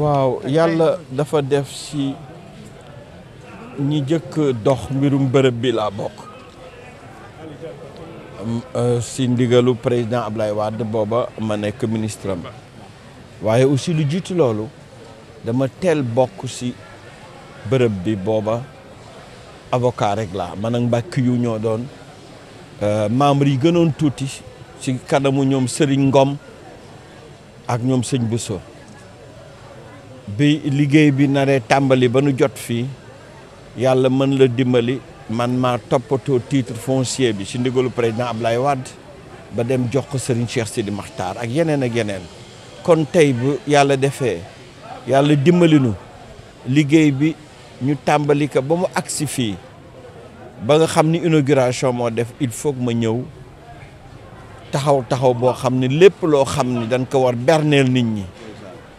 waaw yàlla dafa def si ñi jëkk dox mbirum bërëb bi laa bokk euh, ci ndigalu président Ablaye Wade booba ma nekk ministre am waaye aussi lu jiitu loolu dama teel bokk ci bërëb bi booba avocat rek laa man ak mbàkk yu ñoo doon euh, membre yi gënoon tuuti kanamu ñoom Ngom ak ñoom bi liggéey bi naree tambali ba nu jot fii yàlla mën la dimbali man maa toppatoo titre foncier bi ci ndigalu président Ablaye Wade ba dem jox ko Serigne Cheikh Sidi Makhtar ak yeneen ak yeneen kon tey bu yàlla defee yàlla dimbali nu liggéey bi ñu tàmbali ko ba mu agsi fii ba nga xam tahau inauguration moo def il faut dan ma bernel taxaw taxaw dañ ko war nit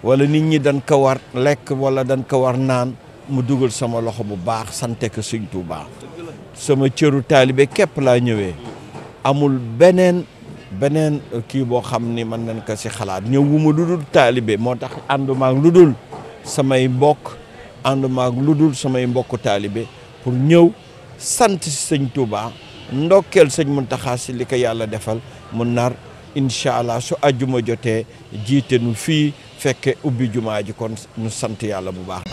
wala nit ñi dañ ko war lekk wala dañ ko war naan mu dugal sama loxo bu baax sante ko Sëñ Tuubaa sama cëru taalibe képp laa ñëwee amul beneen beneen kii boo xam ni mën nañ ko si xalaat ñëw wu ma lu dul taalibe moo tax ànduma lu dul samay mbokk ànduma lu dul samay mbokku taalibe pour ñëw sant si sëñ Touba ndokkeel sëñ Muntaxa si li ko yàlla defal mu nar incha allah su àjjuma jotee jiite fii fekke ubbi jumaa ji kon ñu sant yàlla bu baax